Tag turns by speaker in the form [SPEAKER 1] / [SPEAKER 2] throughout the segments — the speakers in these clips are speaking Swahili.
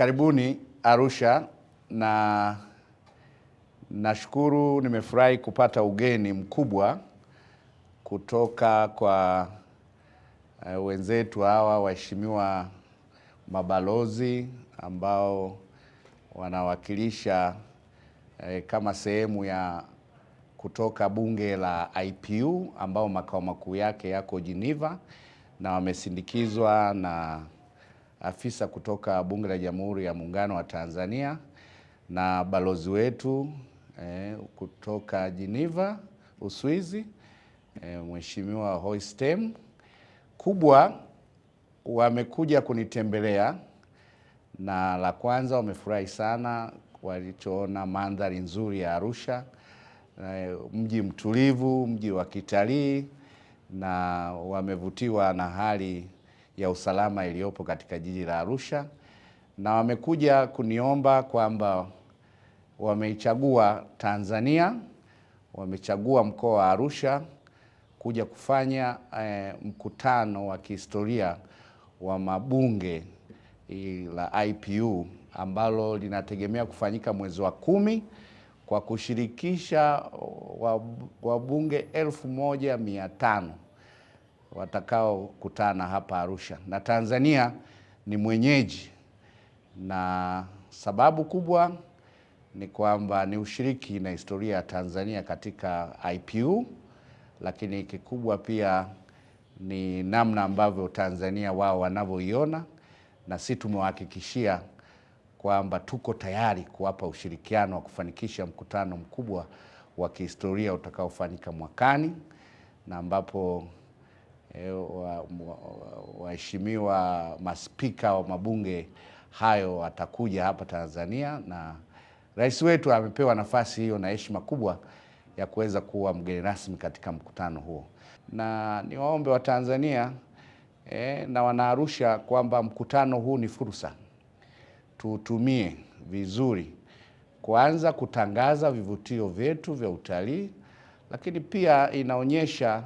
[SPEAKER 1] Karibuni Arusha na nashukuru, nimefurahi kupata ugeni mkubwa kutoka kwa uh, wenzetu hawa waheshimiwa mabalozi ambao wanawakilisha uh, kama sehemu ya kutoka bunge la IPU ambao makao makuu yake yako Geneva na wamesindikizwa na afisa kutoka Bunge la Jamhuri ya Muungano wa Tanzania na balozi wetu eh, kutoka Geneva Uswizi, eh, Mheshimiwa Hoistem kubwa wamekuja kunitembelea na la kwanza wamefurahi sana walichoona mandhari nzuri ya Arusha, eh, mji mtulivu, mji wa kitalii, na wamevutiwa na hali ya usalama iliyopo katika jiji la Arusha, na wamekuja kuniomba kwamba wameichagua Tanzania, wamechagua mkoa wa Arusha kuja kufanya eh, mkutano wa kihistoria wa mabunge la IPU ambalo linategemea kufanyika mwezi wa kumi kwa kushirikisha wabunge elfu moja mia tano watakaokutana hapa Arusha, na Tanzania ni mwenyeji, na sababu kubwa ni kwamba ni ushiriki na historia ya Tanzania katika IPU, lakini kikubwa pia ni namna ambavyo Tanzania wao wanavyoiona, na si tumewahakikishia kwamba tuko tayari kuwapa ushirikiano wa kufanikisha mkutano mkubwa wa kihistoria utakaofanyika mwakani na ambapo Eh, waheshimiwa wa maspika wa mabunge hayo watakuja hapa Tanzania, na rais wetu amepewa nafasi hiyo na heshima kubwa ya kuweza kuwa mgeni rasmi katika mkutano huo, na niwaombe Watanzania eh, na Wanaarusha kwamba mkutano huu ni fursa, tuutumie vizuri kuanza kutangaza vivutio vyetu vya utalii, lakini pia inaonyesha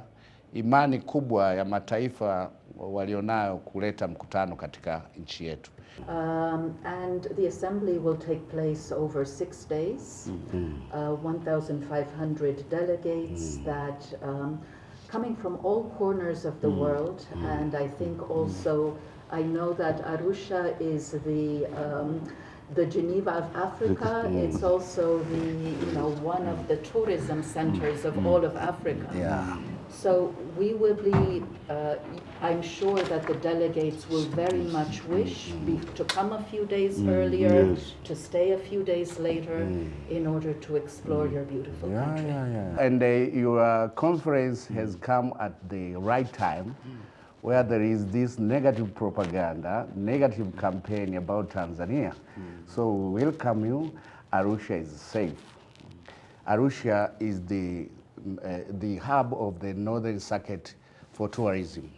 [SPEAKER 1] imani kubwa ya mataifa walionayo kuleta mkutano katika nchi yetu.
[SPEAKER 2] Um, and the assembly will take place over six days. Mm -hmm. uh, 1500 delegates mm -hmm. that um, coming from all corners of the mm -hmm. world mm. and I think mm. also I know that Arusha is the um, the Geneva of Africa. Mm. It's also the you know one of the tourism centers of mm-hmm. all of Africa. Yeah. So we will be. Uh, I'm sure that the delegates will very much wish mm-hmm. be, to come a few days mm. earlier, yes. to stay a few days later, mm. in order to explore mm. your beautiful yeah, country. Yeah,
[SPEAKER 1] yeah. And uh, your uh, conference has come at the right time mm. where there is this negative propaganda, negative campaign about Tanzania. Mm. So we welcome you. Arusha is safe. Arusha is the, uh, the hub of the Northern Circuit for tourism.